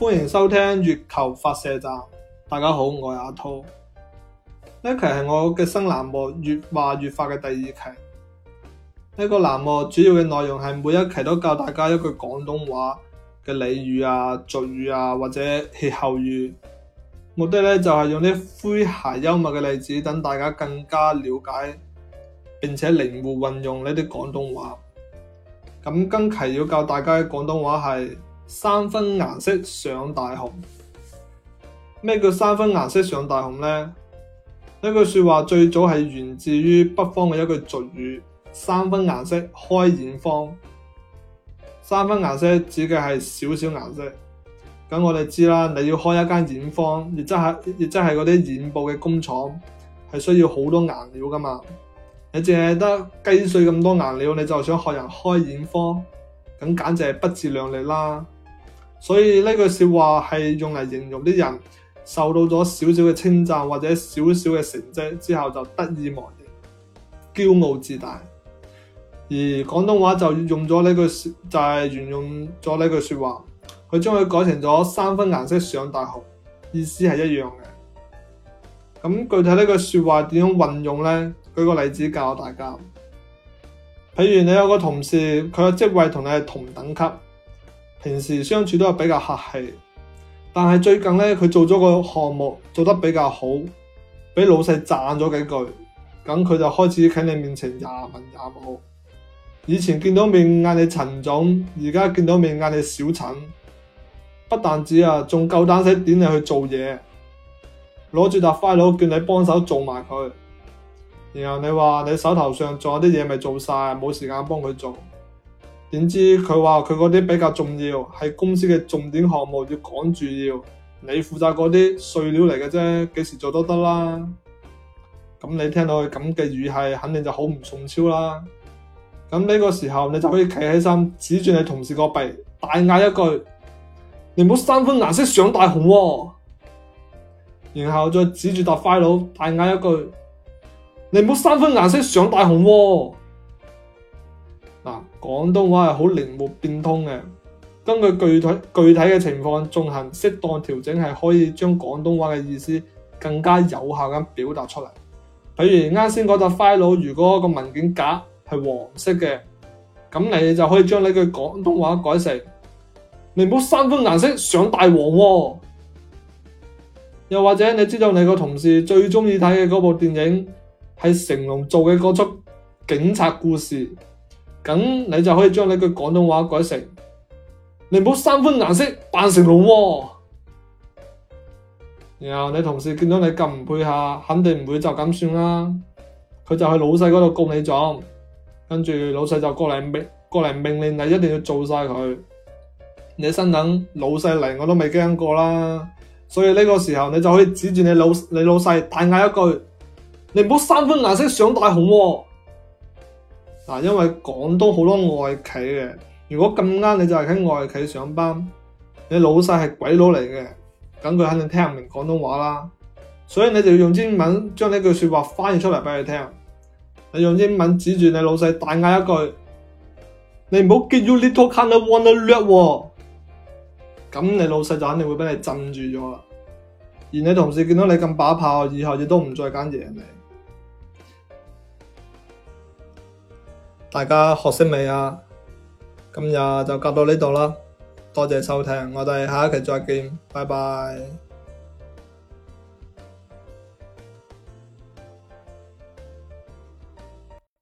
歡迎收聽月球發射站，大家好，我係阿濤。呢期係我嘅新欄目《粵話粵發》嘅第二期。呢、這個欄目主要嘅內容係每一期都教大家一句廣東話嘅俚語啊、俗語啊或者歇後語，目的咧就係、是、用啲詼諧幽默嘅例子，等大家更加了解並且靈活運用呢啲廣東話。咁今期要教大家嘅廣東話係。三分顏色上大紅，咩叫三分顏色上大紅呢？呢句說話最早係源自於北方嘅一句俗語：三分顏色開染坊。三分顏色指嘅係少少顏色。咁我哋知啦，你要開一間、就是、染坊，亦即係亦即係嗰啲染布嘅工廠，係需要好多顏料噶嘛。你淨係得雞碎咁多顏料，你就想學人開染坊，咁簡直係不自量力啦！所以呢句説話係用嚟形容啲人受到咗少少嘅稱讚或者少少嘅成績之後，就得意忘形、驕傲自大。而廣東話就用咗呢句就係、是、沿用咗呢句説話，佢將佢改成咗三分顏色上大紅，意思係一樣嘅。咁具體呢句説話點樣運用呢？舉個例子教大家。譬如你有個同事，佢嘅職位同你係同等級。平時相處都係比較客氣，但係最近咧，佢做咗個項目做得比較好，俾老細讚咗幾句，咁佢就開始喺你面前也文也武。以前見到面嗌你陳總，而家見到面嗌你小陳。不但止啊，仲夠膽死點你去做嘢，攞住沓 file 叫你幫手做埋佢。然後你話你手頭上仲有啲嘢未做晒，冇時間幫佢做。點知佢話佢嗰啲比較重要，係公司嘅重點項目，要趕住要，你負責嗰啲碎料嚟嘅啫，幾時做都得啦。咁你聽到佢咁嘅語氣，肯定就好唔順超啦。咁呢個時候你就可以企起身，指住你同事個鼻，大嗌一句：你唔好三分顏色上大紅、哦。然後再指住揸 fit 佬，大嗌一句：你唔好三分顏色上大紅、哦。廣東話係好靈活變通嘅，根據具體具體嘅情況進行適當調整，係可以將廣東話嘅意思更加有效咁表達出嚟。譬如啱先嗰沓 file，如果個文件夾係黃色嘅，咁你就可以將呢句廣東話改成：你唔好三分顏色上大黃喎、哦。又或者你知道你個同事最中意睇嘅嗰部電影係成龍做嘅嗰出《警察故事》。咁你就可以將呢句廣東話改成：你唔好三分顏色扮成龍、哦。然後你同事見到你咁唔配合，肯定唔會就咁算啦。佢就去老細嗰度告你狀，跟住老細就過嚟命過嚟命令你一定要做曬佢。你心諗老細嚟，我都未驚過啦，所以呢個時候你就可以指住你老你老細大嗌一句：你唔好三分顏色上大紅、哦。因為廣東好多外企嘅，如果咁啱你就係喺外企上班，你老細係鬼佬嚟嘅，咁佢肯定聽唔明廣東話啦，所以你就要用英文將呢句説話翻譯出嚟俾佢聽，你用英文指住你老細大嗌一句， 你唔好 get you little c a n d kind one of a light 喎、哦，咁你老細就肯定會俾你震住咗啦，而你同事見到你咁把炮，以後亦都唔再敢惹你。大家學識未啊？今日就教到呢度啦，多謝收聽，我哋下一期再見，拜拜。